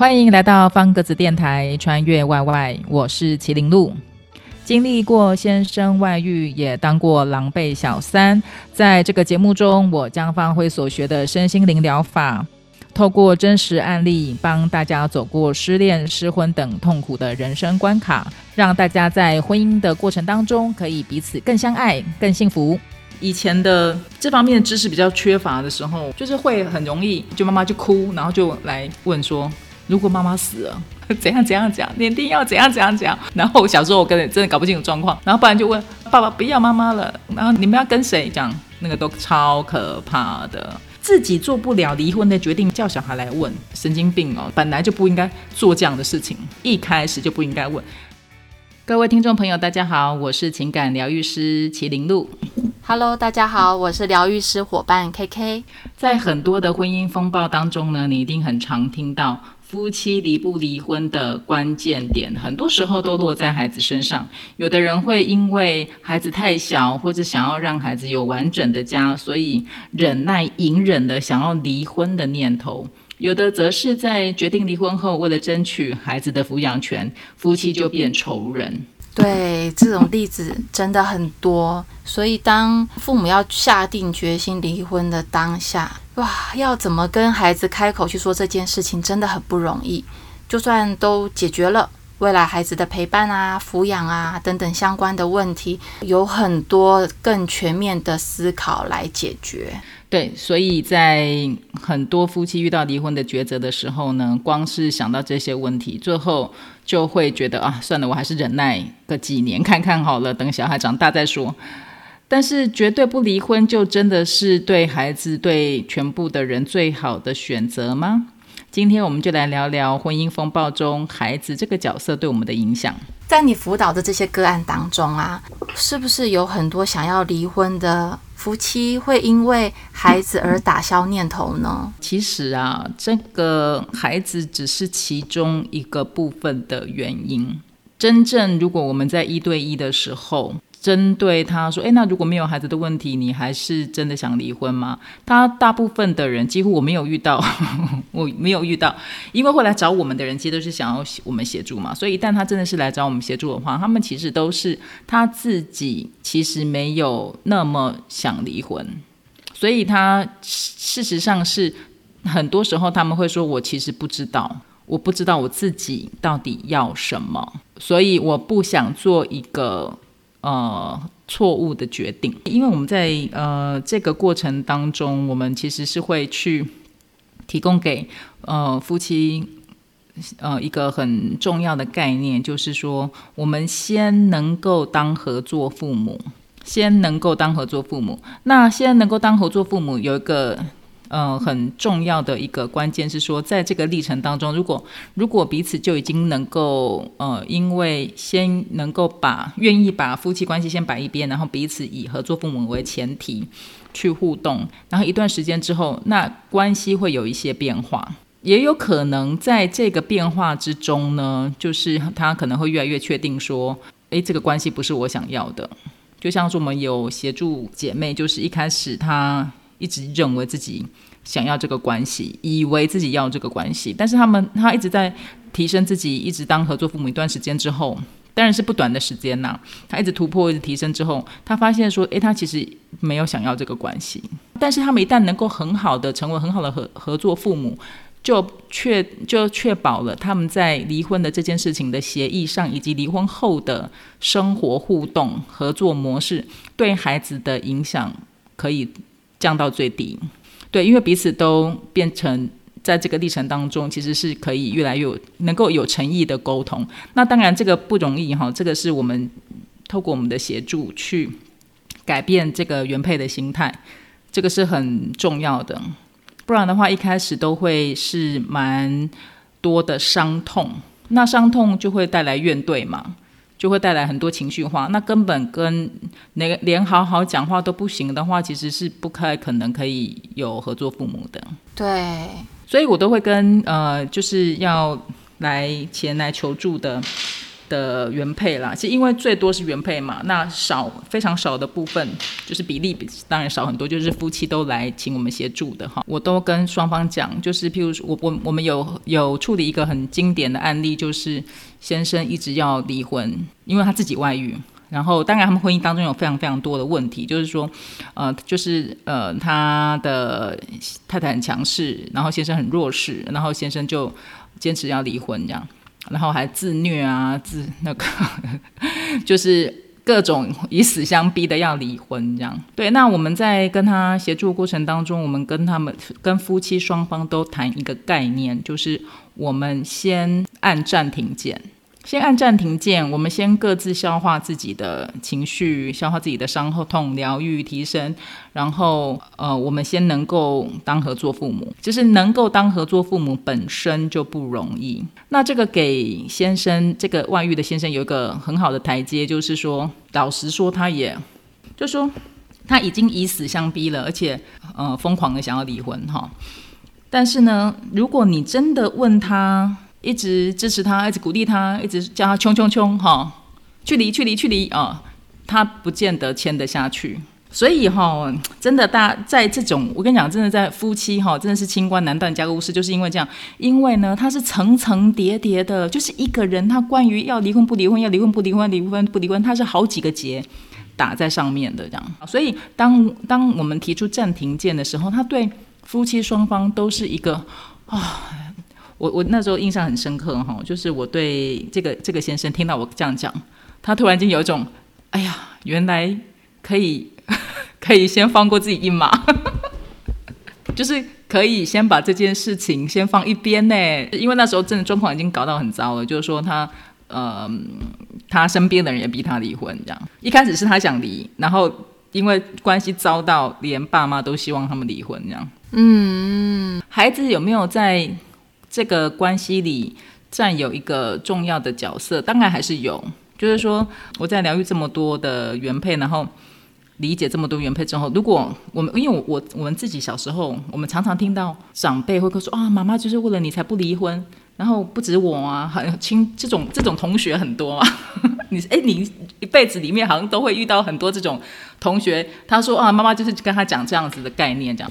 歡迎來到方格子電台，穿越外外。我是麒麟鹿，經歷過先生外遇，也當過狼狽小三。在這個節目中，我將發揮所學的身心靈療法，透過真實案例，幫大家走過失戀、失婚等痛苦的人生關卡，讓大家在婚姻的過程當中可以彼此更相愛、更幸福。以前的這方面的知識比較缺乏的時候，就是會很容易就媽媽就哭，然後就來問說。如果媽媽死了，怎樣怎樣講，你一定要怎樣怎樣講。然後小時候我跟真的搞不清楚狀況，然後不然就問爸爸不要媽媽了。然後你們要跟誰講？那個都超可怕的，自己做不了離婚的決定，叫小孩來問，神經病哦！本來就不應該做這樣的事情，一開始就不應該問。各位聽眾朋友，大家好，我是情感療癒師麒麟鹿。Hello，大家好，我是療癒師夥伴 K K。在很多的婚姻風暴當中呢，你一定很常聽到。夫妻離不離婚的關鍵點，很多時候都落在孩子身上。有的人會因為孩子太小，或者想要讓孩子有完整的家，所以忍耐隱忍的想要離婚的念頭；有的則是在決定離婚後，為了爭取孩子的撫養權，夫妻就變仇人。對，這種例子真的很多。所以，當父母要下定決心離婚的當下，哇，要怎麼跟孩子開口去說這件事情真的很不容易。就算都解決了，未來孩子的陪伴啊、撫養啊等等相關的問題，有很多更全面的思考來解決。對，所以在很多夫妻遇到離婚的抉擇的時候呢，光是想到這些問題，最後就會覺得啊，算了，我還是忍耐個幾年看看好了，等小孩長大再說。但是絕對不離婚，就真的是對孩子、對全部的人最好的選擇嗎？今天我們就來聊聊婚姻風暴中孩子這個角色對我們的影響。在你輔導的這些個案當中啊，是不是有很多想要離婚的夫妻會因為孩子而打消念頭呢？其實啊，這個孩子只是其中一個部分的原因。真正如果我們在一對一的時候，針對他說：“哎，那如果沒有孩子的問題，你還是真的想離婚嗎？”他大部分的人幾乎我沒有遇到呵呵，我沒有遇到，因為會來找我們的人，其實都是想要我們協助嘛。所以，一旦他真的是來找我們協助的話，他們其實都是他自己，其實沒有那麼想離婚。所以，他事實上是很多時候他們會說：“我其實不知道，我不知道我自己到底要什麼，所以我不想做一個。”呃，錯誤的決定，因為我們在呃這個過程當中，我們其實是會去提供給呃夫妻呃一個很重要的概念，就是說，我們先能夠當合作父母，先能夠當合作父母，那先能夠當合作父母有一個。嗯、呃，很重要的一個關鍵是說，在這個歷程當中，如果如果彼此就已經能夠，呃，因為先能夠把願意把夫妻關係先擺一邊，然後彼此以合作父母為前提去互動，然後一段時間之後，那關係會有一些變化，也有可能在這個變化之中呢，就是他可能會越來越確定說，誒，這個關係不是我想要的，就像是我們有協助姐妹，就是一開始她。一直認為自己想要這個關係，以為自己要這個關係，但是他們他一直在提升自己，一直當合作父母一段時間之後，當然是不短的時間吶、啊。他一直突破，一直提升之後，他發現說：“哎、欸，他其實沒有想要這個關係。”但是他們一旦能夠很好的成為很好的合合作父母，就確就確保了他們在離婚的這件事情的協議上，以及離婚後的生活互動、合作模式，對孩子的影響可以降到最低，對，因為彼此都變成在這個歷程當中，其實是可以越來越有能夠有誠意的溝通。那當然這個不容易哈，這個是我們透過我們的協助去改變這個原配的心態，這個是很重要的。不然的話，一開始都會是蠻多的傷痛，那傷痛就會帶來怨懟嘛。就會帶來很多情緒化，那根本跟那個連好好講話都不行的話，其實是不太可能可以有合作父母的。對，所以我都會跟呃，就是要來前來求助的的原配啦，是因為最多是原配嘛，那少非常少的部分，就是比例比當然少很多，就是夫妻都來請我們協助的哈。我都跟雙方講，就是譬如說我我我們有有處理一個很經典的案例，就是先生一直要離婚，因為他自己外遇，然後當然他們婚姻當中有非常非常多的問題，就是說，呃，就是呃他的太太很強勢，然後先生很弱勢，然後先生就堅持要離婚這樣。然後還自虐啊，自那個，就是各種以死相逼的要離婚這樣。對，那我們在跟他協助過程當中，我們跟他們，跟夫妻雙方都談一個概念，就是我們先按暫停鍵。先按暫停鍵，我們先各自消化自己的情緒，消化自己的傷後痛，療癒、提升，然後呃，我們先能夠當合作父母，就是能夠當合作父母本身就不容易。那這個給先生，這個外遇的先生有一個很好的台階，就是說，老實說，他也就說他已經以死相逼了，而且呃，瘋狂的想要離婚哈。但是呢，如果你真的問他。一直支持他，一直鼓勵他，一直叫他衝衝衝哈，去離去離去離啊、哦！他不見得簽得下去，所以哈、哦，真的大在這種，我跟你講，真的在夫妻哈、哦，真的是清官難斷家務事，就是因為這樣。因為呢，他是層層疊疊疊的，就是一個人他關於要離婚不離婚，要離婚不離婚，離婚不離婚，他是好幾個結打在上面的這樣。所以當當我們提出暫停鍵的時候，他對夫妻雙方都是一個啊。哦我我那時候印象很深刻哈、哦，就是我對這個這個先生聽到我這樣講，他突然間有一種，哎呀，原來可以可以先放過自己一馬， 就是可以先把這件事情先放一邊呢。因為那時候真的狀況已經搞到很糟了，就是說他嗯、呃，他身邊的人也逼他離婚這樣。一開始是他想離，然後因為關係糟到連爸媽都希望他們離婚這樣。嗯，孩子有沒有在？這個關係裡占有一個重要的角色，當然還是有。就是說，我在療癒這麼多的原配，然後理解這麼多原配之後，如果我們因為我我，我們自己小時候，我們常常聽到長輩會說啊，媽媽就是為了你才不離婚。然後不止我啊，好、啊、親這種這種同學很多啊。 你誒，你一輩子裡面好像都會遇到很多這種同學，他說啊，媽媽就是跟他講這樣子的概念，這樣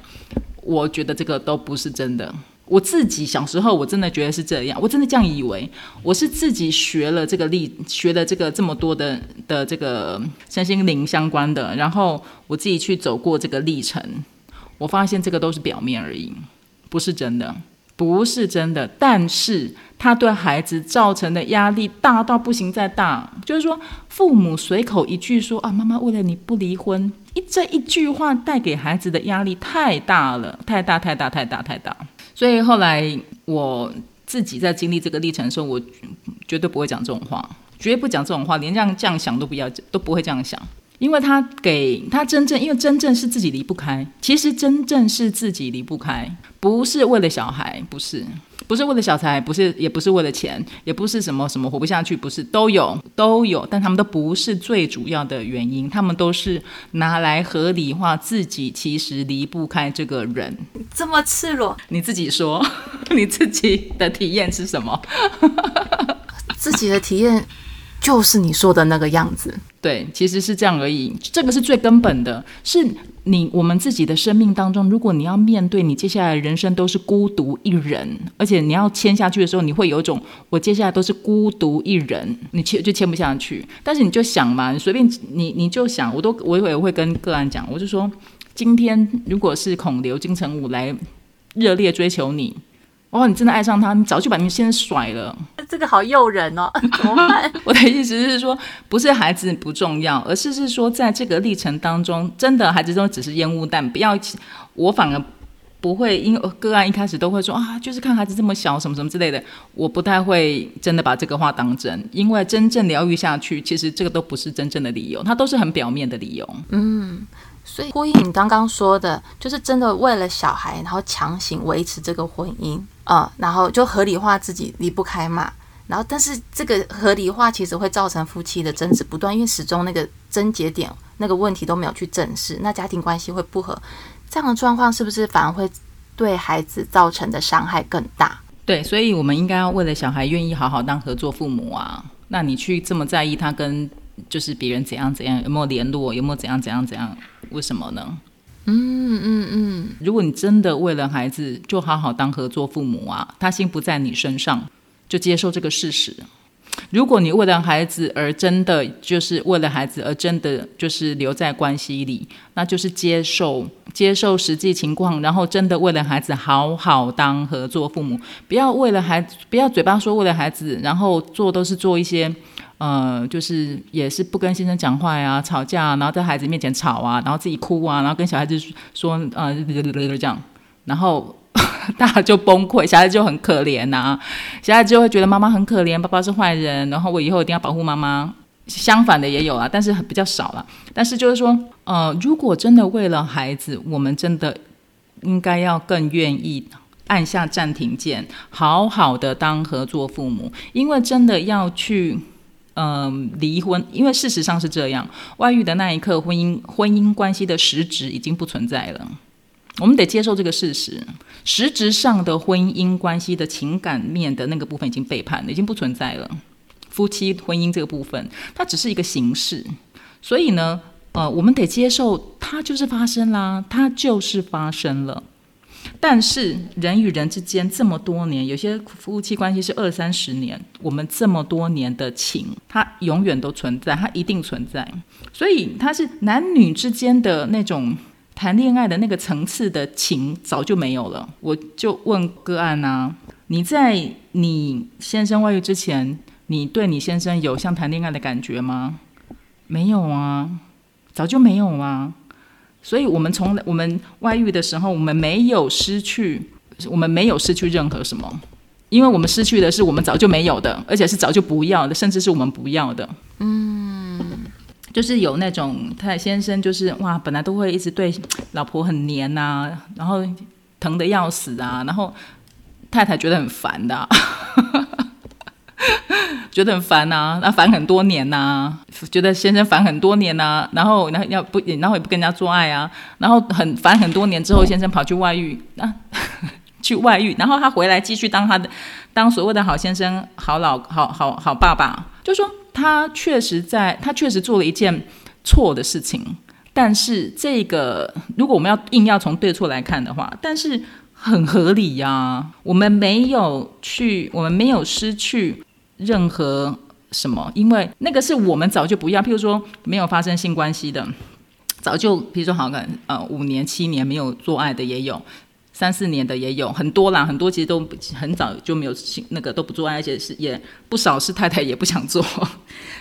我覺得這個都不是真的。我自己小時候，我真的覺得是這樣，我真的這樣以為。我是自己學了這個歷，學了這個這麼多的的這個身心靈相關的，然後我自己去走過這個歷程，我發現這個都是表面而已，不是真的，不是真的。但是他對孩子造成的壓力大到不行，再大，就是說父母隨口一句說啊，媽媽為了你不離婚，一這一句話帶給孩子的壓力太大了，太大，太大，太大，太大。所以後來我自己在經歷這個歷程的時候，我絕對不會講這種話，絕不講這種話，連這樣這樣想都不要，都不會這樣想，因為他給他真正，因為真正是自己離不開，其實真正是自己離不開。不是為了小孩，不是，不是為了小財，不是，也不是為了錢，也不是什麼什麼活不下去，不是，都有，都有，但他們都不是最主要的原因，他們都是拿來合理化自己其實離不開這個人。這麼赤裸，你自己說，你自己的體驗是什麼？ 自己的體驗。就是你說的那個樣子，對，其實是這樣而已。這個是最根本的，是你我們自己的生命當中，如果你要面對你接下來人生都是孤獨一人，而且你要簽下去的時候，你會有種我接下來都是孤獨一人，你簽就簽不下去。但是你就想嘛，你隨便你你就想，我都我也會跟個案講，我就說今天如果是孔劉金城武來熱烈追求你。哇、哦，你真的愛上他，你早就把你們先甩了。這個好誘人哦，怎麼辦？ 我的意思是說，不是孩子不重要，而是是說，在這個歷程當中，真的孩子都只是煙霧彈，不要。我反而不會因為個案一開始都會說啊，就是看孩子這麼小，什麼什麼之類的，我不太會真的把這個話當真，因為真正療癒下去，其實這個都不是真正的理由，它都是很表面的理由。嗯，所以呼應你剛剛說的，就是真的為了小孩，然後強行維持這個婚姻。啊、嗯，然後就合理化自己離不開嘛，然後但是這個合理化其實會造成夫妻的爭執不斷，因為始終那個症結點那個問題都沒有去正視，那家庭關係會不和，這樣的狀況是不是反而會對孩子造成的傷害更大？對，所以我們應該要為了小孩願意好好當合作父母啊，那你去這麼在意他跟就是別人怎樣怎樣有沒有聯絡，有沒有怎樣怎樣怎樣，為什麼呢？嗯嗯嗯，嗯嗯，如果你真的為了孩子，就好好當合作父母啊。他心不在你身上，就接受這個事實。如果你為了孩子而真的，就是為了孩子而真的，就是留在關係裡，那就是接受接受實際情況，然後真的為了孩子好好當合作父母。不要為了孩子，不要嘴巴說為了孩子，然後做都是做一些。呃，就是也是不跟先生講話呀、啊，吵架，然後在孩子面前吵啊，然後自己哭啊，然後跟小孩子說呃，這樣，然後大家就崩潰，小孩子就很可憐吶、啊，小孩子就會覺得媽媽很可憐，爸爸是壞人，然後我以後一定要保護媽媽。相反的也有啊，但是比較少了、啊。但是就是說，呃，如果真的為了孩子，我們真的應該要更願意按下暫停鍵，好好的當合作父母，因為真的要去。嗯、呃，離婚，因為事實上是這樣，外遇的那一刻，婚姻婚姻關係的實質已經不存在了，我們得接受這個事實，實質上的婚姻關係的情感面的那個部分已經背叛了，已經不存在了，夫妻婚姻這個部分，它只是一個形式，所以呢，呃，我們得接受，它就是發生啦，它就是發生了。但是人與人之間這麼多年，有些夫妻關係是二三十年，我們這麼多年的情，它永遠都存在，它一定存在。所以它是男女之間的那種談戀愛的那個層次的情，早就沒有了。我就問個案啊，你在你先生外遇之前，你對你先生有像談戀愛的感覺嗎？沒有啊，早就沒有啊。所以，我們從我們外遇的時候，我們沒有失去，我們沒有失去任何什麼，因為我們失去的是我們早就沒有的，而且是早就不要的，甚至是我們不要的。嗯，就是有那種太太先生，就是哇，本來都會一直對老婆很黏吶、啊，然後疼得要死啊，然後太太覺得很煩的、啊。 覺得很煩吶、啊，那、啊、煩很多年吶、啊，覺得先生煩很多年吶、啊，然後要不，然後也不跟人家做愛啊，然後很煩很多年之後，先生跑去外遇啊， 去外遇，然後他回來繼續當他的當所謂的好先生、好老、好好好爸爸，就說他確實在他確實做了一件錯的事情，但是這個如果我們要硬要從對錯來看的話，但是很合理呀、啊，我們沒有去，我們沒有失去。任何什麼，因為那個是我們早就不要，譬如說沒有發生性關係的，早就，譬如說好像，好個呃，五年、七年沒有做愛的也有，三四年的也有，很多啦，很多其實都很早就沒有那個都不做愛，而且是也不少是太太也不想做，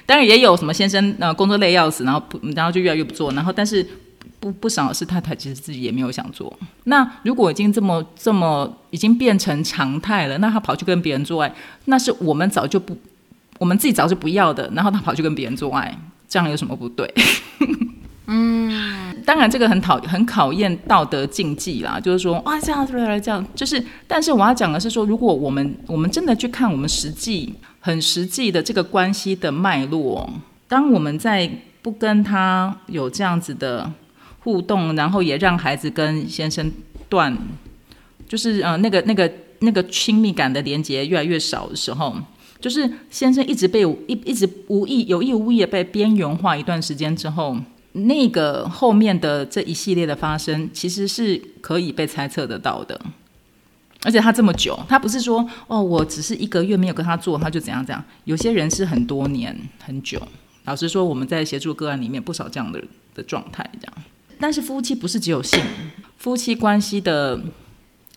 當然也有什麼先生呃工作累要死，然後不然後就越來越不做，然後但是。不不想是，太太其實自己也沒有想做。那如果已經這麼這麼已經變成常態了，那他跑去跟別人做愛，那是我們早就不，我們自己早就不要的。然後他跑去跟別人做愛，這樣有什麼不對？ 嗯，當然這個很討很考驗道德禁忌啦，就是說啊這樣這來這樣，就是但是我要講的是說，如果我們我們真的去看我們實際很實際的這個關係的脈絡，當我們在不跟他有這樣子的。互動，然後也讓孩子跟先生斷，就是呃那個那個那個親密感的連接越來越少的時候，就是先生一直被一一直無意有意無意的被邊緣化一段時間之後，那個後面的這一系列的發生其實是可以被猜測得到的，而且他這麼久，他不是說哦，我只是一個月沒有跟他做，他就怎樣怎樣，有些人是很多年很久。老實說，我們在協助個案裡面不少這樣的的狀態，這樣。但是夫妻不是只有性，夫妻關係的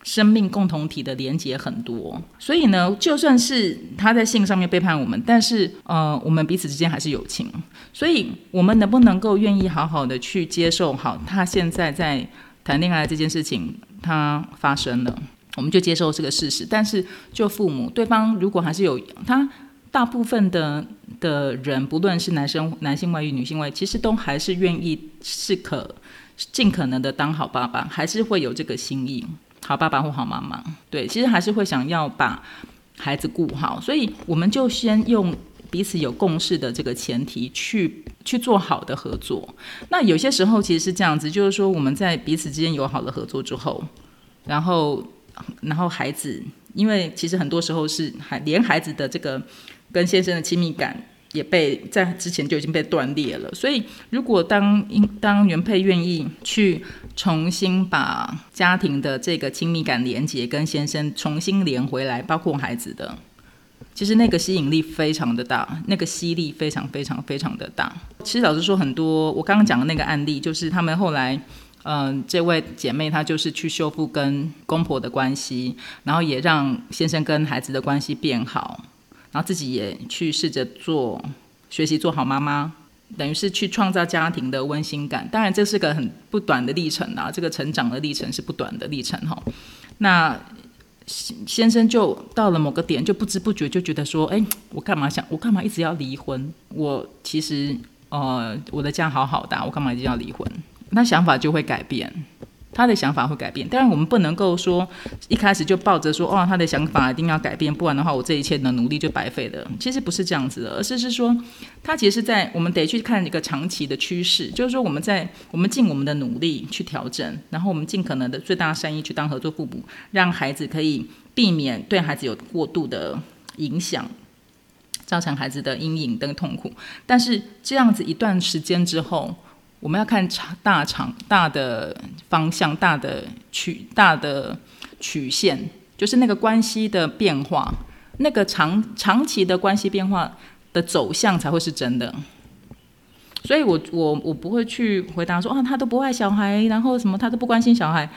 生命共同體的連接很多，所以呢，就算是他在性上面背叛我們，但是呃，我們彼此之間還是友情，所以我們能不能夠願意好好的去接受，好他現在在談戀愛這件事情，他發生了，我們就接受這個事實。但是就父母，對方如果還是有他。大部分的的人，不論是男生、男性外遇、女性外，其實都還是願意適可盡可能地當好爸爸，還是會有這個心意，好爸爸或好媽媽，對，其實還是會想要把孩子顧好，所以我們就先用彼此有共識的這個前提去去做好的合作。那有些時候其實是這樣子，就是說我們在彼此之間有好的合作之後，然後然後孩子，因為其實很多時候是還連孩子的這個。跟先生的親密感也被在之前就已經被斷裂了，所以如果當當原配願意去重新把家庭的這個親密感連接跟先生重新連回來，包括孩子的，其實那個吸引力非常的大，那個吸力非常非常非常的大。其實老實說，很多我剛剛講的那個案例，就是他們後來，嗯、呃，這位姐妹她就是去修復跟公婆的關係，然後也讓先生跟孩子的關係變好。然後自己也去試着做，學習做好媽媽，等於是去創造家庭的溫馨感。當然，這是個很不短的歷程啊，這個成長的歷程是不短的歷程哈、哦。那先生就到了某個點，就不知不覺就覺得說，哎，我幹嘛想？我幹嘛一直要離婚？我其實呃，我的家好好的，我幹嘛一定要離婚？那想法就會改變。他的想法會改變，當然我們不能夠說一開始就抱着說，哦，他的想法一定要改變，不然的話，我這一切的努力就白費了。其實不是這樣子的，而是是說，他其實是在我們得去看一個長期的趨勢，就是說我們在我們盡我們的努力去調整，然後我們盡可能的最大善意去當合作父母，讓孩子可以避免對孩子有過度的影響，造成孩子的陰影跟痛苦。但是這樣子一段時間之後。我們要看大場大的方向，大的曲大的曲線，就是那個關係的變化，那個長長期的關係變化的走向才會是真的。所以，我我我不會去回答說，啊，他都不愛小孩，然後什麼他都不關心小孩，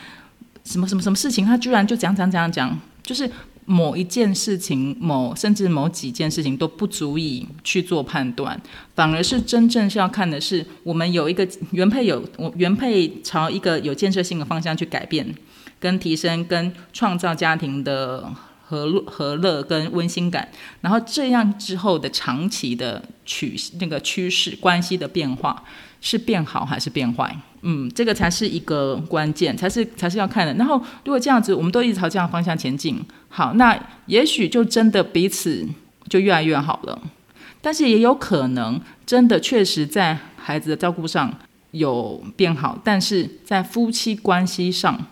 什麼什麼什麼事情，他居然就講講講講，就是。某一件事情，某，甚至某幾件事情都不足以去做判斷，反而是真正是要看的是，我們有一個原配有我原配朝一個有建設性的方向去改變、跟提升、跟創造家庭的和樂和樂跟溫馨感，然後這樣之後的長期的。取那個趨勢關係的變化是變好還是變壞？嗯，這個才是一個關鍵，才是才是要看的。然後，如果這樣子，我們都一直朝這樣方向前進，好，那也許就真的彼此就越來越好了。但是也有可能，真的確實在孩子的照顧上有變好，但是在夫妻關係上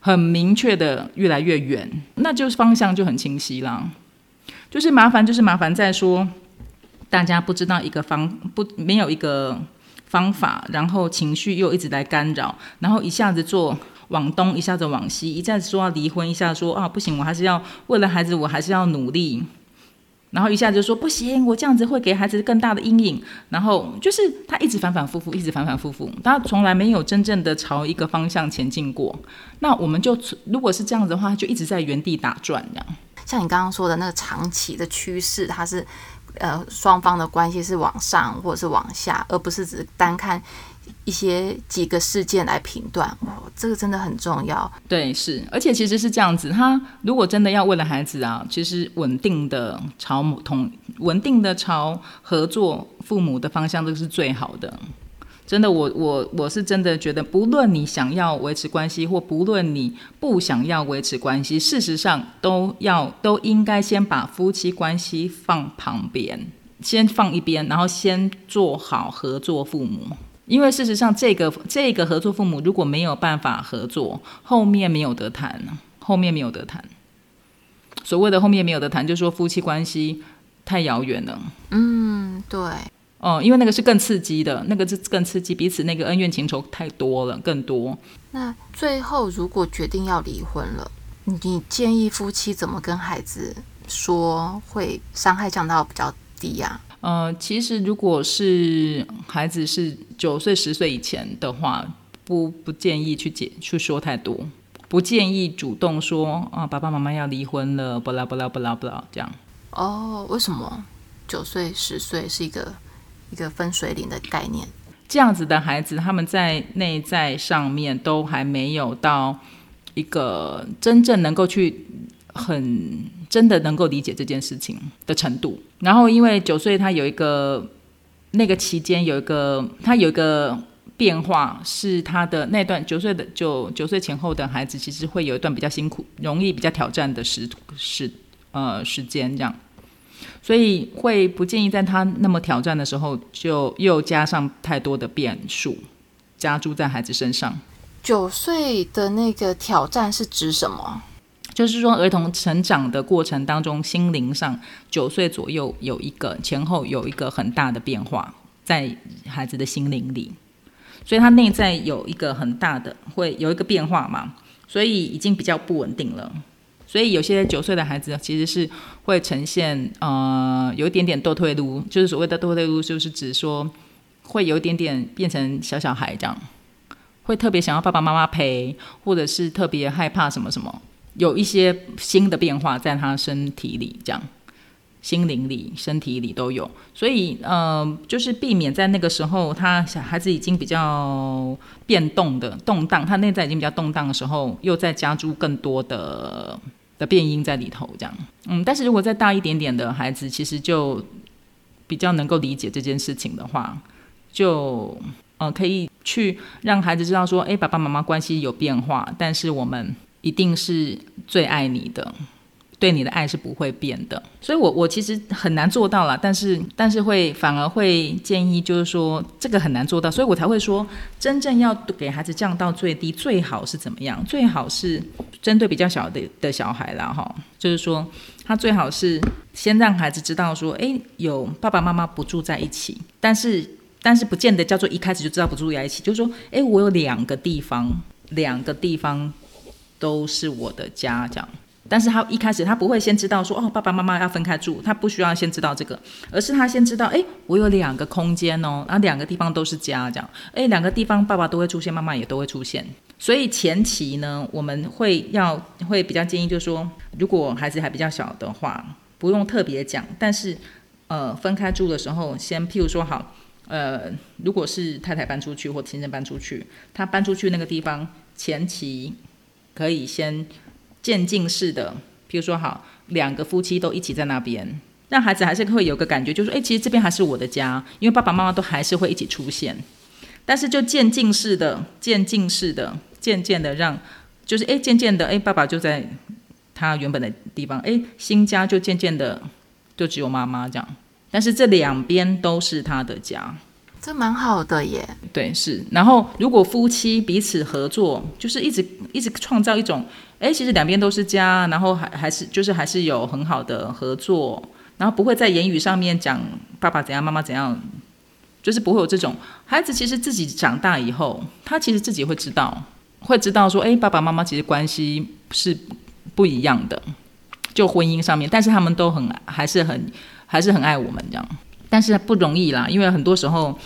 很明確的越來越遠，那就是方向就很清晰啦。就是麻煩，就是麻煩在說。大家不知道一個方不沒有一個方法，然後情緒又一直在干擾，然後一下子做往東，一下子往西，一下子說要離婚，一下子說啊不行，我還是要為了孩子，我還是要努力，然後一下子說不行，我這樣子會給孩子更大的陰影，然後就是他一直反反复复，一直反反复复，他從來沒有真正的朝一個方向前進過。那我們就如果是這樣子的話，就一直在原地打轉，這樣。像你剛剛說的那個長期的趨勢，它是。呃，雙方的關係是往上或者是往下，而不是只單看一些幾個事件來評斷，哦，這個真的很重要。對，是，而且其實是這樣子，他如果真的要為了孩子啊，其實穩定的朝母同穩定的朝合作父母的方向，這個是最好的。真的，我我我是真的覺得，不論你想要維持關係，或不論你不想要維持關係，事實上都要都應該先把夫妻關係放旁邊，先放一邊，然後先做好合作父母。因為事實上，這個這個合作父母如果沒有辦法合作，後面沒有得談，後面沒有得談。所謂的後面沒有得談，就是說夫妻關係太遙遠了。嗯，對。哦、呃，因為那個是更刺激的，那個是更刺激，彼此那個恩怨情仇太多了，更多。那最後如果決定要離婚了，你建議夫妻怎麼跟孩子說，會傷害降到比較低呀、啊？呃，其實如果是孩子是九歲十歲以前的話，不不建議去解去說太多，不建議主動說啊爸爸媽媽要離婚了，不啦不啦不啦不啦這樣。哦，oh, 為什麼九歲十歲是一個？一個分水嶺的概念，這樣子的孩子，他們在內在上面都還沒有到一個真正能夠去很真的能夠理解這件事情的程度。然後，因為九歲，他有一個那個期間有一個他有一個變化，是他的那段九歲的就九歲前後的孩子，其實會有一段比較辛苦、容易比較挑戰的時時呃時間這樣。所以會不建議在他那麼挑戰的時候，就又加上太多的變數，加諸在孩子身上。九歲的那個挑戰是指什麼？就是說，兒童成長的過程當中，心靈上九歲左右有一個前後有一個很大的變化，在孩子的心靈裡。所以他內在有一個很大的會有一個變化嘛，所以已經比較不穩定了。所以有些九歲的孩子其實是會呈現呃有一點點倒退路，就是所謂的倒退路，就是指說會有一點點變成小小孩這樣，會特別想要爸爸媽媽陪，或者是特別害怕什麼什麼，有一些新的變化在他身體裡這樣，心靈裡、身體裡都有。所以呃，就是避免在那個時候，他小孩子已經比較變動的動盪，他內在已經比較動盪的時候，又再加諸更多的。變音在裡頭，這樣，嗯，但是如果再大一點點的孩子，其實就比較能夠理解這件事情的話，就，呃，可以去讓孩子知道說，哎，欸，爸爸媽媽關係有變化，但是我們一定是最愛你的。對你的愛是不會變的，所以我我其實很難做到了，但是但是會反而會建議，就是說這個很難做到，所以我才會說，真正要給孩子降到最低，最好是怎麼樣？最好是針對比較小的的小孩啦哈哦，就是說他最好是先讓孩子知道說，哎，有爸爸媽媽不住在一起，但是但是不見得叫做一開始就知道不住在一起，就是說，哎，我有兩個地方，兩個地方都是我的家這樣。但是他一開始他不會先知道說，哦，爸爸媽媽要分開住，他不需要先知道這個，而是他先知道哎、欸，我有兩個空間哦，然後兩個地方都是家這樣，哎、欸，兩個地方爸爸都會出現，媽媽也都會出現。所以前期呢，我們會要會比較建議就是說，如果孩子還比較小的話，不用特別講，但是呃分開住的時候先，先譬如說好，呃如果是太太搬出去或先生搬出去，他搬出去那個地方前期可以先。漸進式的，譬如說，好，兩個夫妻都一起在那邊，讓孩子還是會有個感覺，就是說，欸，其實這邊還是我的家，因為爸爸媽媽都還是會一起出現。但是就漸進式的，漸進式的，漸漸的讓，就是欸，漸漸的，欸，爸爸就在他原本的地方，欸，新家就漸漸的就只有媽媽這樣。但是這兩邊都是他的家，這蠻好的耶。對，是。然後如果夫妻彼此合作，就是一直一直創造一種。誒、欸，其實兩邊都是家，然後還還是就是還是有很好的合作，然後不會在言語上面講爸爸怎樣，媽媽怎樣，就是不會有這種。孩子其實自己長大以後，他其實自己會知道，會知道說，誒、欸，爸爸媽媽其實關係是不一樣的，就婚姻上面，但是他們都很還是很還是很愛我們這樣，但是不容易啦，因為很多時候。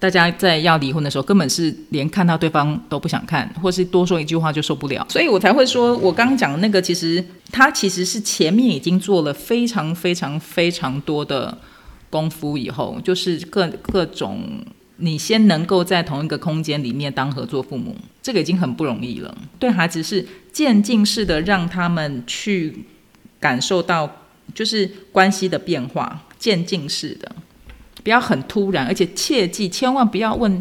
大家在要離婚的時候，根本是連看到對方都不想看，或是多說一句話就受不了。所以我才會說，我剛剛講的那個，其實他其實是前面已經做了非常非常非常多的功夫以後，就是各各種，你先能夠在同一個空間裡面當合作父母，這個已經很不容易了。對孩子是漸進式的，讓他們去感受到就是關係的變化，漸進式的。不要很突然，而且切記千萬不要問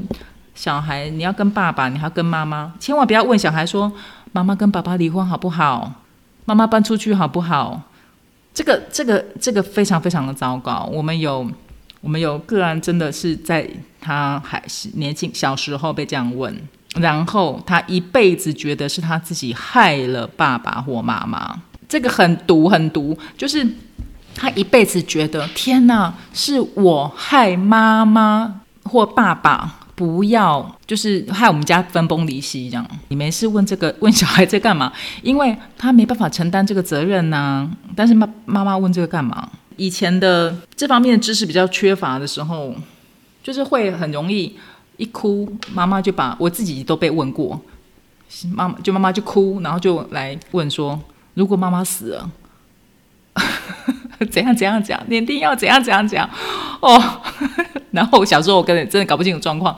小孩，你要跟爸爸，你要跟媽媽，千萬不要問小孩說媽媽跟爸爸離婚好不好，媽媽搬出去好不好？這個這個這個非常非常的糟糕。我們有我們有個案，真的是在他還年輕小時候被這樣問，然後他一輩子覺得是他自己害了爸爸或媽媽，這個很毒很毒，就是。他一輩子覺得，天哪，是我害媽媽或爸爸，不要就是害我們家分崩離析這樣。你沒事問這個，問小孩在幹嘛，因為他沒辦法承擔這個責任吶、啊。但是媽媽媽問這個幹嘛？以前的這方面的知識比較缺乏的時候，就是會很容易一哭，媽媽就把我自己都被問過，媽媽就媽媽就哭，然後就來問說，如果媽媽死了。怎樣怎樣講，一定要怎樣怎樣講，哦。呵呵然後小時候我跟你真的搞不清楚狀況，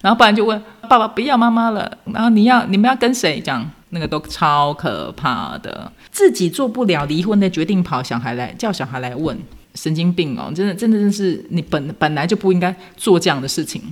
然後不然就問爸爸不要媽媽了，然後你要你們要跟誰講？那個都超可怕的，自己做不了離婚的決定，跑小孩來叫小孩來問，神經病哦！真的真的真是你本本來就不應該做這樣的事情。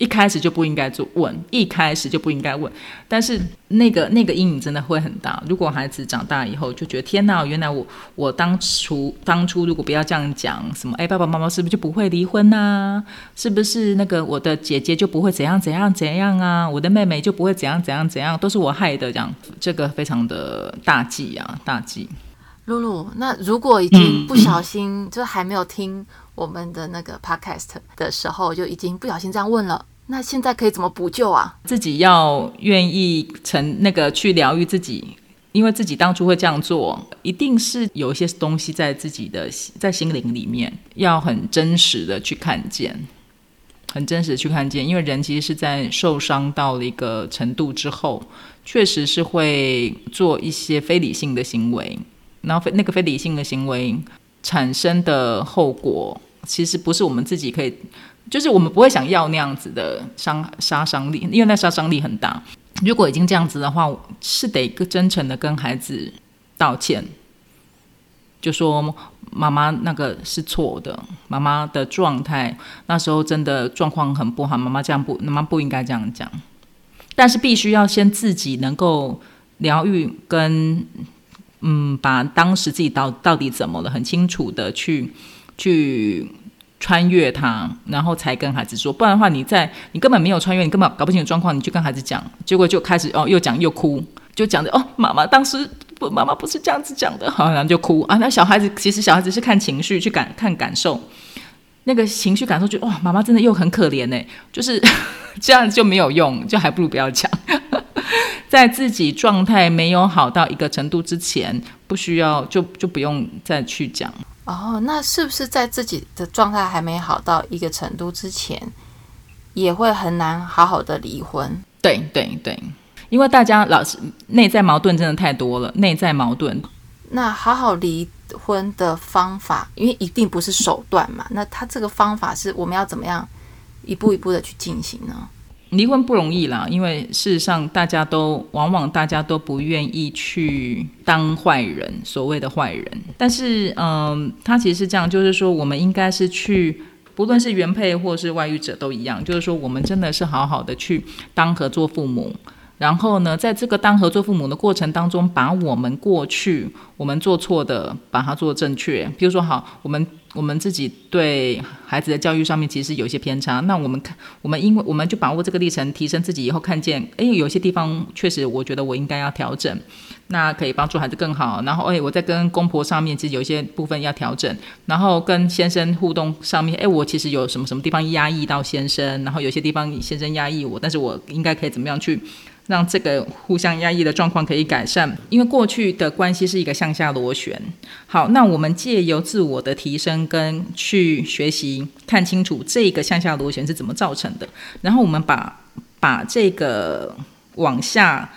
一開始就不應該做問，一開始就不應該問，但是那個那個陰影真的會很大。如果孩子長大以後就覺得天哪，原來我我當初當初如果不要這樣講什麼，哎、欸，爸爸媽媽是不是就不會離婚吶、啊？是不是那個我的姐姐就不會怎樣怎樣怎樣啊？我的妹妹就不會怎樣怎樣怎樣，都是我害的，這樣子這個非常的大忌啊，大忌。露露，Lulu, 那如果已經不小心，就是還沒有聽我們的那個 podcast 的時候，就已經不小心這樣問了，那現在可以怎麼補救啊？自己要願意成那個去療癒自己，因為自己當初會這樣做，一定是有一些東西在自己的在心靈裡面，要很真實的去看見，很真實的去看見，因為人其實是在受傷到了一個程度之後，確實是會做一些非理性的行為。然後非那個非理性的行為產生的後果，其實不是我們自己可以，就是我們不會想要那樣子的傷殺，殺傷力，因為那殺傷力很大。如果已經這樣子的話，是得真誠的跟孩子道歉，就說，媽媽那個是錯的，媽媽的狀態那時候真的狀況很不好，媽媽這樣不，媽媽不應該這樣講。但是必須要先自己能夠療癒跟。嗯，把當時自己到到底怎麼了，很清楚的去去穿越他，然後才跟孩子說。不然的話，你在你根本沒有穿越，你根本搞不清楚狀況，你去跟孩子講，結果就開始哦，又講又哭，就講的哦，媽媽當時媽媽不是這樣子講的，好，然後就哭啊。那小孩子其實小孩子是看情緒去感看感受，那個情緒感受就哇、哦，媽媽真的又很可憐呢，就是這樣就沒有用，就還不如不要講。在自己狀態沒有好到一個程度之前，不需要就就不用再去講。哦，那是不是在自己的狀態還沒好到一個程度之前，也會很難好好的離婚？對對對，因為大家老是內在矛盾真的太多了，內在矛盾。那好好離婚的方法，因為一定不是手段嘛。那他這個方法是我們要怎麼樣一步一步的去進行呢？離婚不容易啦，因為事實上，大家都往往大家都不願意去當壞人，所謂的壞人。但是，嗯、呃，他其實是這樣，就是說，我們應該是去，不論是原配或是外遇者都一樣，就是說，我們真的是好好的去當合作父母。然後呢，在這個當合作父母的過程當中，把我們過去我們做錯的，把它做正確。比如說，好，我們我們自己對孩子的教育上面，其實有些偏差。那我們看，我們因為我們就把握這個歷程，提升自己以後，看見哎，有些地方確實，我覺得我應該要調整，那可以幫助孩子更好。然後哎，我在跟公婆上面，其實有些部分要調整。然後跟先生互動上面，哎，我其實有什麼什麼地方壓抑到先生？然後有些地方先生壓抑我，但是我應該可以怎麼樣去？讓這個互相壓抑的狀況可以改善，因為過去的關係是一個向下螺旋。好，那我們借由自我的提升跟去學習，看清楚這個向下螺旋是怎麼造成的，然後我們把把這個往下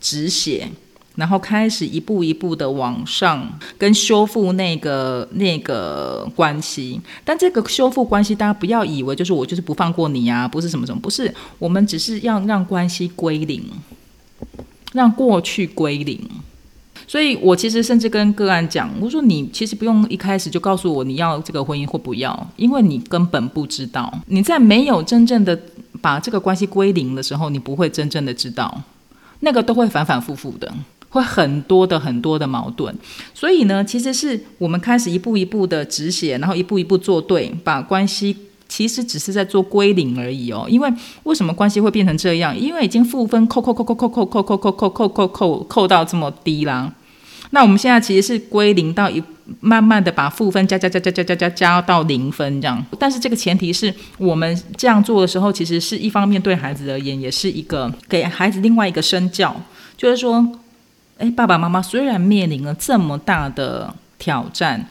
止血。然後開始一步一步的往上跟修復那個那個關係，但這個修復關係，大家不要以為就是我就是不放過你呀、啊，不是什麼什麼，不是，我們只是要讓關係歸零，讓過去歸零。所以我其實甚至跟個案講，我說你其實不用一開始就告訴我你要這個婚姻或不要，因為你根本不知道，你在沒有真正的把這個關係歸零的時候，你不會真正的知道，那個都會反反复复的。會很多的很多的矛盾，所以呢，其實是我們開始一步一步的止血，然後一步一步做對，把關係其實只是在做歸零而已哦。因為為什麼關係會變成這樣？因為已經負分扣扣扣扣扣扣扣扣扣扣扣扣扣扣扣到這麼低啦。那我們現在其實是歸零到一，慢慢的把負分加加加加加加加加到零分這樣。但是這個前提是我們這樣做的時候，其實是一方面對孩子而言，也是一個給孩子另外一個身教，就是說。哎、欸，爸爸媽媽雖然面臨了這麼大的挑戰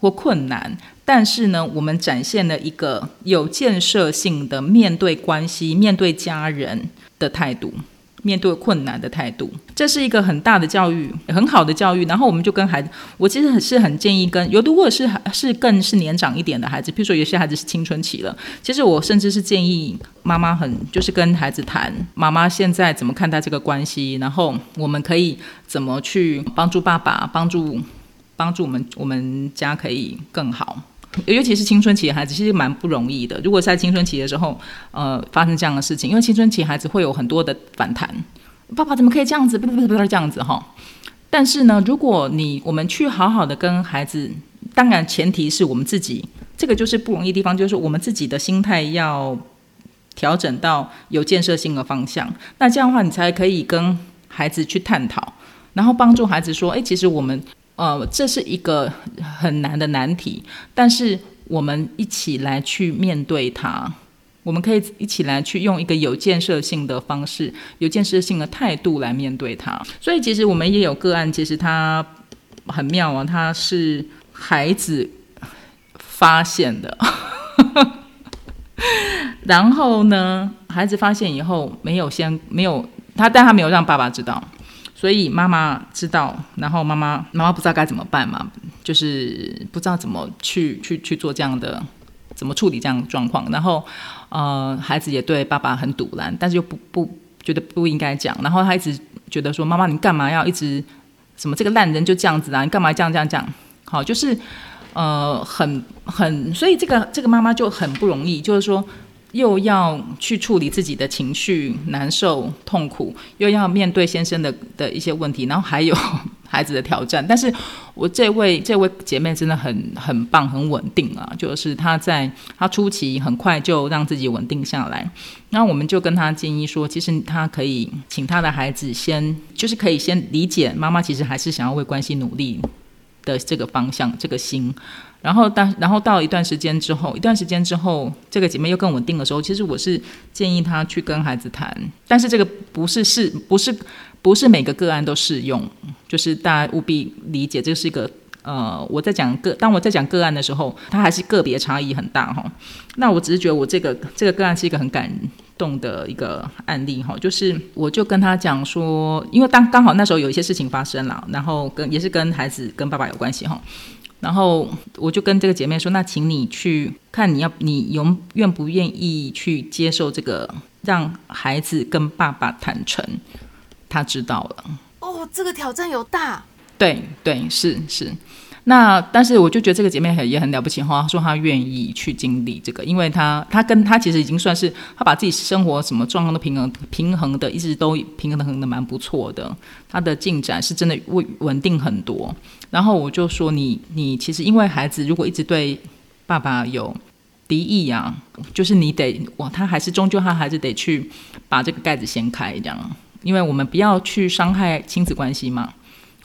或困難，但是呢，我們展現了一個有建設性的面對關係，面對家人的態度。面對困難的態度，這是一個很大的教育，很好的教育。然後我們就跟孩子，我其實是很建議跟有，如果是是更是年長一點的孩子，譬如說有些孩子是青春期了，其實我甚至是建議媽媽很就是跟孩子談，媽媽現在怎麼看待這個關係，然後我們可以怎麼去幫助爸爸，幫助幫助我們我們家可以更好。尤其是青春期的孩子，其實蠻不容易的。如果在青春期的時候，呃，發生這樣的事情，因為青春期的孩子會有很多的反彈。爸爸怎麼可以這樣子？不不不不這樣子哈！但是呢，如果你我們去好好的跟孩子，當然前提是我們自己，這個就是不容易的地方，就是我們自己的心態要調整到有建設性的方向。那這樣的話，你才可以跟孩子去探討，然後幫助孩子說：誒，其實我們。呃，這是一個很難的難題，但是我們一起來去面對它，我們可以一起來去用一個有建設性的方式，有建設性的態度來面對它。所以，其實我們也有個案，其實他很妙啊，他是孩子發現的， 然後呢，孩子發現以後沒有先沒有他，但他沒有讓爸爸知道。所以媽媽知道，然後媽媽媽媽不知道該怎麼辦嘛，就是不知道怎麼去去去做這樣的，怎麼處理這樣的狀況。然後，呃，孩子也對爸爸很賭爛，但是又不不覺得不應該講。然後他一直覺得說，媽媽你幹嘛要一直，什麼這個爛人就這樣子啊？你幹嘛這樣這樣這樣？好，就是，呃，很很，所以這個這個媽媽就很不容易，就是說。又要去處理自己的情緒，難受、痛苦，又要面對先生的的一些問題，然後還有孩子的挑戰。但是我這位這位姐妹真的很很棒，很穩定啊！就是她在她初期很快就讓自己穩定下來，那我們就跟她建議說，其實她可以請她的孩子先，就是可以先理解媽媽，其實還是想要為關係努力。的這個方向，這個心，然後當然後到一段時間之後，一段時間之後，這個姐妹又更穩定的時候，其實我是建議她去跟孩子談，但是這個不是是不是不是每個個案都適用，就是大家務必理解，這是一個呃，我在講個，當我在講個案的時候，它還是個別差異很大哈、哦。那我只是覺得我這個這個個案是一個很感人。動的一個案例哈，就是我就跟他講說，因為當剛好那時候有一些事情發生了，然後跟也是跟孩子跟爸爸有關係哈，然後我就跟這個姐妹說，那請你去看你要你永願不願意去接受這個讓孩子跟爸爸坦誠，他知道了哦，這個挑戰有大，對對是是。是那但是我就覺得這個姐妹很也很了不起哈，說她願意去經歷這個，因為她她跟她其實已經算是她把自己生活什麼狀況都平衡平衡的，一直都平衡的很的蠻不錯的。她的進展是真的穩穩定很多。然後我就說，你你其實，因為孩子如果一直對爸爸有敵意啊，就是你得，哇，他還是終究他還是得去把這個蓋子掀開這樣，因為我們不要去傷害親子關係嘛。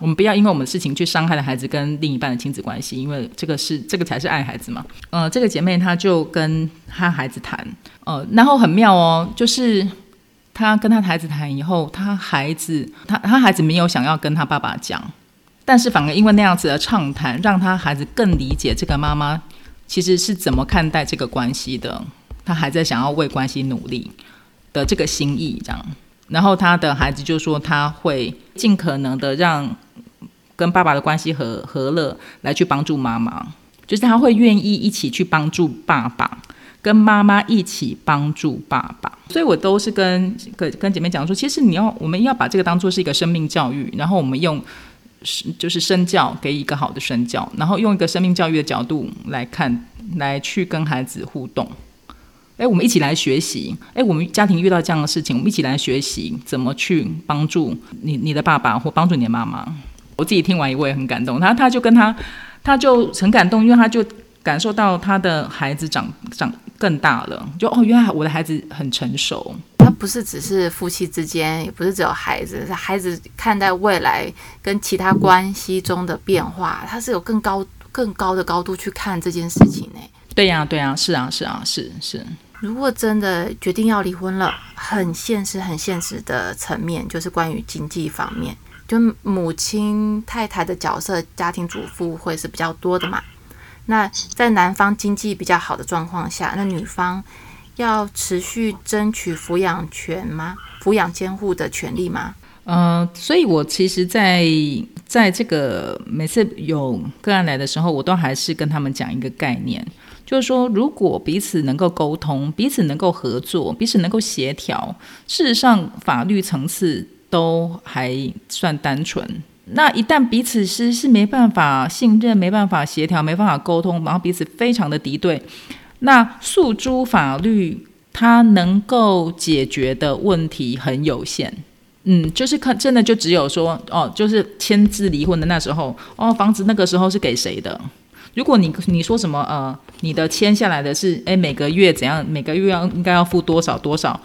我們不要因為我們的事情去傷害了孩子跟另一半的親子關係，因為這個是這個才是愛孩子嘛。嗯、呃，這個姐妹她就跟她孩子談，呃，然後很妙哦，就是她跟她孩子談以後，她孩子她她孩子沒有想要跟她爸爸講，但是反而因為那樣子的暢談，讓她孩子更理解這個媽媽其實是怎麼看待這個關係的。她還在想要為關係努力的這個心意這樣，然後她的孩子就說她會盡可能的讓。跟爸爸的關係和和樂來去幫助媽媽，就是他會願意一起去幫助爸爸，跟媽媽一起幫助爸爸。所以，我都是跟跟跟姐妹講說，其實你要我們要把這個當做是一個生命教育，然後我們用就是身教給一個好的身教，然後用一個生命教育的角度來看，來去跟孩子互動。誒，我們一起來學習。誒，我們家庭遇到這樣的事情，我們一起來學習怎麼去幫助你你的爸爸或幫助你的媽媽。我自己聽完，我也很感動。他他就跟他他就很感動，因為他就感受到他的孩子長長更大了，就哦，原來我的孩子很成熟。他不是只是夫妻之間，也不是只有孩子，是孩子看待未來跟其他關係中的變化，他是有更高更高的高度去看這件事情呢。誒。對呀，對呀，是啊，是啊，是是。如果真的決定要離婚了，很現實，很現實的層面就是關於經濟方面。就母親、太太的角色，家庭主婦會是比較多的嘛？那在男方經濟比較好的狀況下，那女方要持續爭取撫養權嗎？撫養監護的權利嗎？嗯、呃，所以我其實在，在在這個每次有個案來的時候，我都還是跟他們講一個概念，就是說，如果彼此能夠溝通，彼此能夠合作，彼此能夠協調，事實上，法律層次。都還算單純，那一旦彼此是是沒辦法信任、沒辦法協調、沒辦法溝通，然後彼此非常的敵對，那訴諸法律，它能夠解決的問題很有限。嗯，就是看真的就只有說哦，就是簽字離婚的那時候哦，房子那個時候是給誰的？如果你你說什麼呃，你的簽下來的是誒，每個月怎樣，每個月要應該要付多少多少，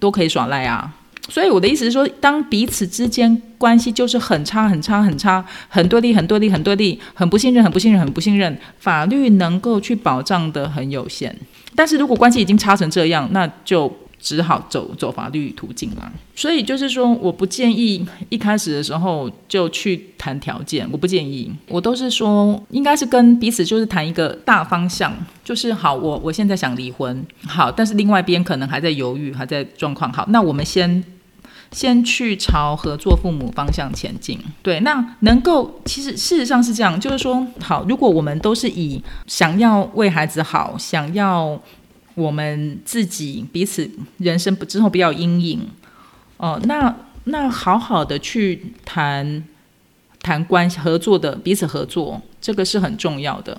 都可以耍賴啊。所以我的意思是說，當彼此之間關係就是很差、很差、很差，很對立、很對立、很對立，很不信任、很不信任、很不信任，法律能夠去保障得很有限。但是如果關係已經差成這樣，那就只好走走法律途徑了。所以就是說，我不建議一開始的時候就去談條件，我不建議，我都是說，應該是跟彼此就是談一個大方向，就是好，我我現在想離婚，好，但是另外一邊可能還在猶豫，還在狀況好，那我們先。先去朝合作父母方向前進，對，那能夠，其實事實上是這樣，就是說，好，如果我們都是以想要為孩子好，想要我們自己彼此人生之後不要有陰影，哦、呃，那那好好的去談談關係合作的彼此合作，這個是很重要的。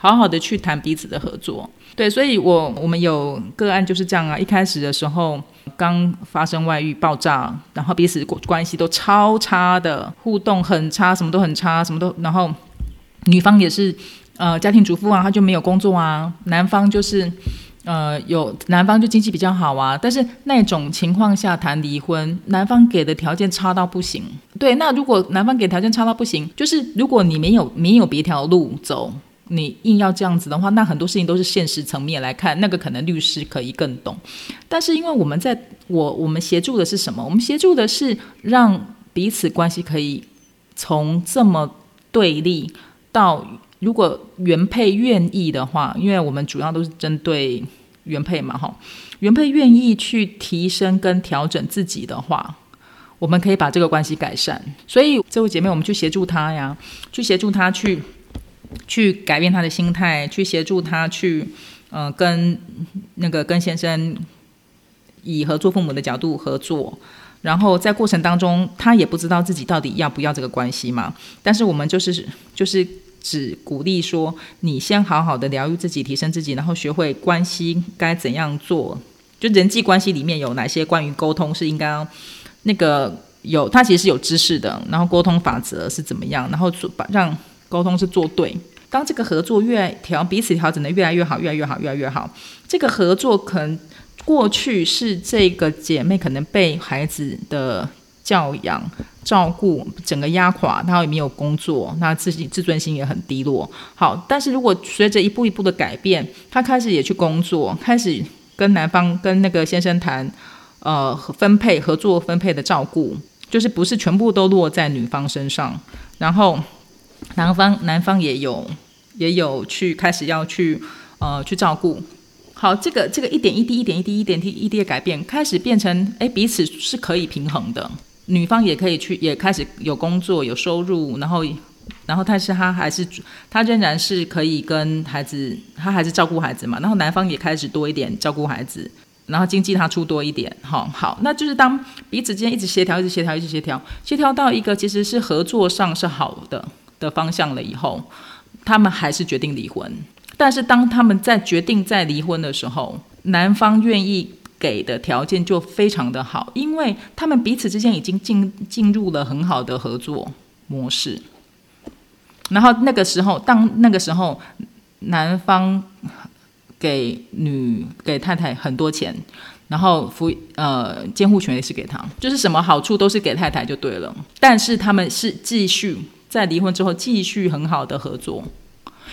好好的去談彼此的合作，對，所以我我們有個案就是這樣啊。一開始的時候剛發生外遇爆炸，然後彼此關係都超差的，互動很差，什麼都很差，什麼都。然後女方也是呃家庭主婦啊，她就沒有工作啊。男方就是呃有男方就經濟比較好啊。但是那種情況下談離婚，男方給的條件差到不行。對，那如果男方給條件差到不行，就是如果你沒有沒有別條路走。你硬要這樣子的話，那很多事情都是現實層面來看，那個可能律師可以更懂。但是因為我們在我我們協助的是什麼？我們協助的是讓彼此關係可以從這麼對立到，如果原配願意的話，因為我們主要都是針對原配嘛，哈，原配願意去提升跟調整自己的話，我們可以把這個關係改善。所以這位姐妹，我們去協助她呀，去協助她去。去改變他的心態，去協助他去，嗯、呃，跟那個跟先生以合作父母的角度合作，然後在過程當中，他也不知道自己到底要不要這個關係嘛。但是我們就是就是只鼓勵說，你先好好的療癒自己，提升自己，然後學會關係該怎樣做，就人際關係裡面有哪些關於溝通是應該那個有，他其實是有知識的，然後溝通法則是怎麼樣，然後把讓。溝通是做對，當這個合作越調，彼此調整得越來越好，越來越好，越來越好。這個合作可能過去是這個姐妹可能被孩子的教養照顧整個壓垮，然後也沒有工作，那自己自尊心也很低落。好，但是如果隨着一步一步的改變，她開始也去工作，開始跟男方跟那個先生談，呃，分配合作分配的照顧，就是不是全部都落在女方身上，然後。男方男方也有也有去開始要去呃去照顧好這個這個一點一滴一點一滴一點一滴一滴的改變，開始變成哎，彼此是可以平衡的，女方也可以去，也開始有工作有收入，然後然後但是她還是，她仍然是可以跟孩子，她還是照顧孩子嘛，然後男方也開始多一點照顧孩子，然後經濟他出多一點哈。好，好，那就是當彼此之間一直協調一直協調一直協調一直協調，協調到一個其實是合作上是好的。的方向了以後，他們還是決定離婚。但是當他們在決定再離婚的時候，男方願意給的條件就非常的好，因為他們彼此之間已經進進入了很好的合作模式。然後那個時候，當那個時候，男方給女給太太很多錢，然後撫呃監護權也是給他，就是什麼好處都是給太太就對了。但是他們是繼續。在離婚之後繼續很好的合作，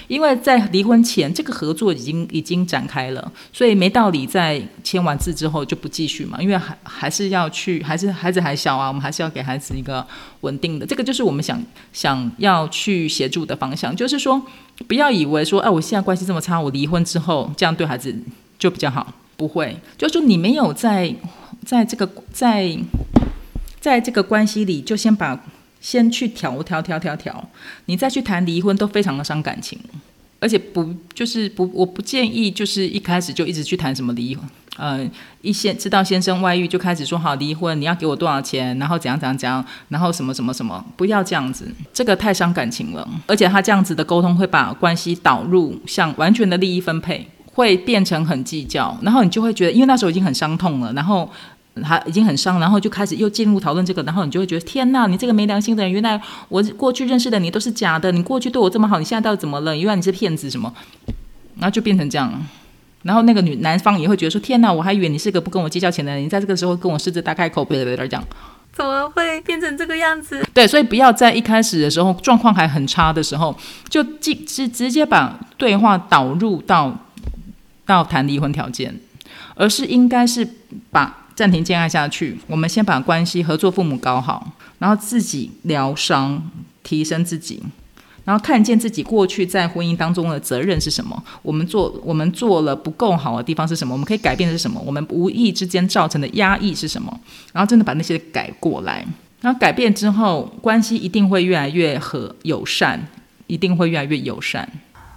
因為在離婚前這個合作已經已經展開了，所以沒道理在簽完字之後就不繼續嘛，因為還還是要去，還是孩子還小啊，我們還是要給孩子一個穩定的，這個就是我們想想要去協助的方向，就是說不要以為說，哎，我現在關係這麼差，我離婚之後這樣對孩子就比較好，不會，就是說你沒有在在這個在在這個關係裡就先把。先去調調調調調，你再去談離婚都非常的傷感情，而且不就是不我不建議，就是一開始就一直去談什麼離，呃，一先知道先生外遇就開始說好離婚，你要給我多少錢，然後怎樣怎樣怎樣，然後什麼什麼什麼，不要這樣子，這個太傷感情了，而且他這樣子的溝通會把關係導入像完全的利益分配，會變成很計較，然後你就會覺得，因為那時候已經很傷痛了，然後。他已經很傷，然後就開始又進入討論這個，然後你就會覺得天哪，你這個沒良心的人！原來我過去認識的你都是假的，你過去對我這麼好，你現在到底怎麼了？原來你是騙子什麼？然後就變成這樣。然後那個女男方也會覺得說天哪，我還以為你是個不跟我計較錢的人，你在這個時候跟我獅子大開口，嘚嘚嘚講，怎麼會變成這個樣子？對，所以不要在一開始的時候狀況還很差的時候，就直接把對話導入到到談離婚條件，而是應該是把。暫停鍵按下去。我們先把關係、合作、父母搞好，然後自己療傷、提升自己，然後看見自己過去在婚姻當中的責任是什麼？我們做，我們做了不夠好的地方是什麼？我們可以改變的是什麼？我們無意之間造成的壓抑是什麼？然後真的把那些改過來。然後改變之後，關係一定會越來越和友善，一定會越來越友善。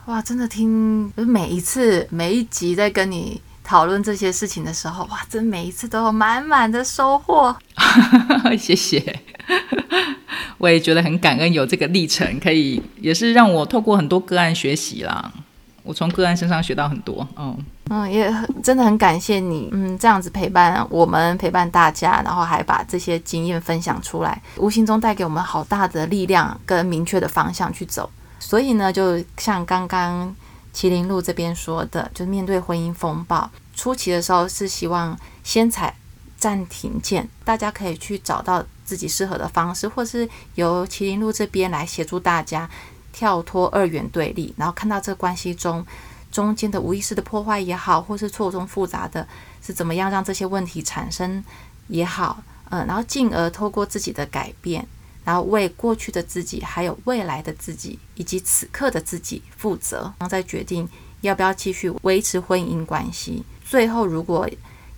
哇，真的聽，每一次每一集在跟你討論這些事情的時候，哇，真，每一次都有滿滿的收穫。 謝謝，我也覺得很感恩有這個歷程，可以也是讓我透過很多個案學習啦。我從個案身上學到很多，嗯嗯，也真的很感謝你，嗯，這樣子陪伴我們，陪伴大家，然後還把這些經驗分享出來，無形中帶給我們好大的力量跟明確的方向去走。所以呢，就像剛剛。麒麟鹿這邊說的，就是面對婚姻風暴，初期的時候是希望先踩暫停鍵，大家可以去找到自己適合的方式，或是由麒麟鹿這邊來協助大家跳脫二元對立，然後看到這關係中中間的無意識的破壞也好，或是錯綜複雜的是怎麼樣讓這些問題產生也好，嗯、呃，然後進而透過自己的改變。然後為過去的自己、還有未來的自己以及此刻的自己負責，然後再決定要不要繼續維持婚姻關係。最後，如果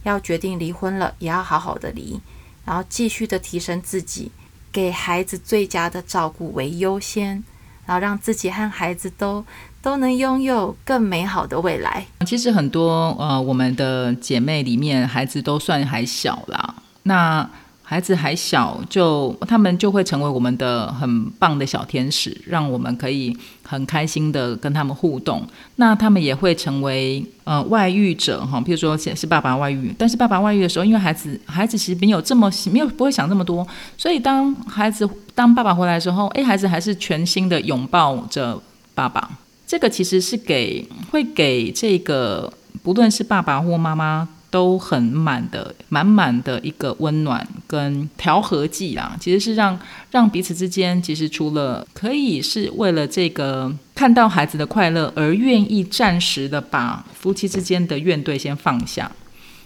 要決定離婚了，也要好好的離，然後繼續的提升自己，給孩子最佳的照顧為優先，然後讓自己和孩子都都能擁有更美好的未來。其實很多呃，我們的姐妹裡面，孩子都算還小啦，那。孩子還小就，就他們就會成為我們的很棒的小天使，讓我們可以很開心的跟他們互動。那他們也會成為呃外遇者哈，譬如說是爸爸外遇，但是爸爸外遇的時候，因為孩子孩子其實沒有這麼沒有不會想那麼多，所以當孩子當爸爸回來的時候，誒，孩子還是全心的擁抱着爸爸。這個其實是給會給這個不論是爸爸或媽媽。都很滿的，滿滿的一個溫暖跟調和劑啊，其實是讓讓彼此之間，其實除了可以是為了這個看到孩子的快樂而願意暫時的把夫妻之間的怨對先放下，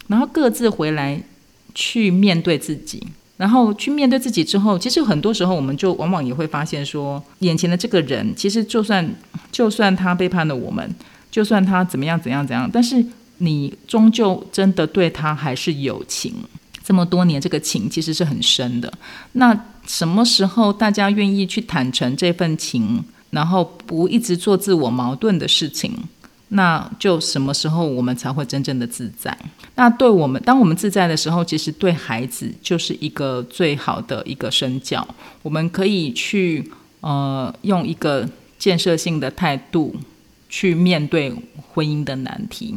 然後各自回來去面對自己，然後去面對自己之後，其實很多時候我們就往往也會發現說，眼前的這個人，其實就算就算他背叛了我們，就算他怎麼樣怎樣怎樣，但是。你終究真的對他還是有情，這麼多年，這個情其實是很深的。那什麼時候大家願意去坦誠這份情，然後不一直做自我矛盾的事情，那就什麼時候我們才會真正的自在。那對我們，當我們自在的時候，其實對孩子就是一個最好的一個身教。我們可以去呃，用一個建設性的態度。去面對婚姻的難題，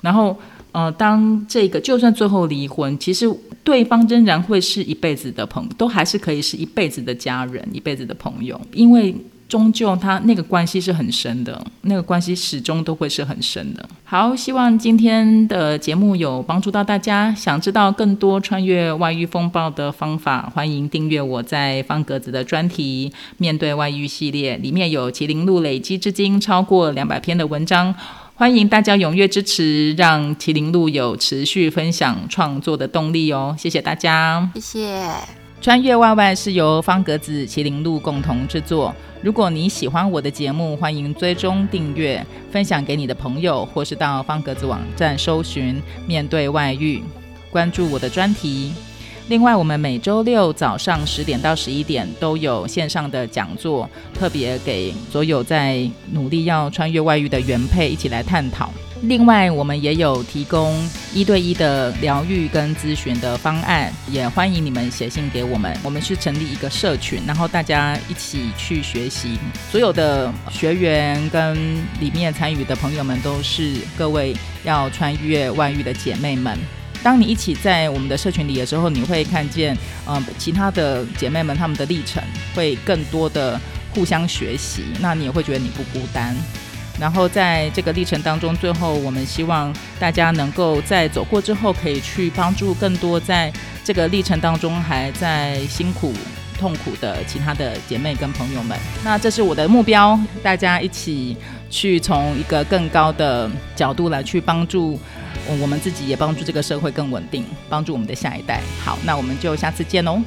然後，呃，當這個就算最後離婚，其實對方仍然會是一輩子的朋友，都還是可以是一輩子的家人、一輩子的朋友，因為。終究，他那個關係是很深的，那個關係始終都會是很深的。好，希望今天的節目有幫助到大家。想知道更多穿越外遇風暴的方法，歡迎訂閱我在方格子的專題《面對外遇》系列，裡面有麒麟鹿累積至今超過兩百篇的文章，歡迎大家踊躍支持，讓麒麟鹿有持續分享創作的動力哦。謝謝大家，謝謝。穿越外外是由方格子、麒麟鹿共同製作。如果你喜歡我的節目，歡迎追蹤訂閱、分享給你的朋友，或是到方格子網站搜尋“面對外遇”，關注我的專題。另外，我們每週六早上十點到十一點都有線上的講座，特別給所有在努力要穿越外遇的原配一起來探討。另外，我們也有提供一對一的療癒跟諮詢的方案，也歡迎你們寫信給我們。我們是成立一個社群，然後大家一起去學習。所有的學員跟裡面參與的朋友們都是各位要穿越外遇的姐妹們。當你一起在我們的社群裡的時候，你會看見，嗯、呃，其他的姐妹們她們的歷程，會更多的互相學習。那你也會覺得你不孤單。然後在這個歷程當中，最後我們希望大家能夠在走過之後，可以去幫助更多在這個歷程當中還在辛苦、痛苦的其他的姐妹跟朋友們。那這是我的目標，大家一起去從一個更高的角度來去幫助我們自己，也幫助這個社會更穩定，幫助我們的下一代。好，那我們就下次見嘍。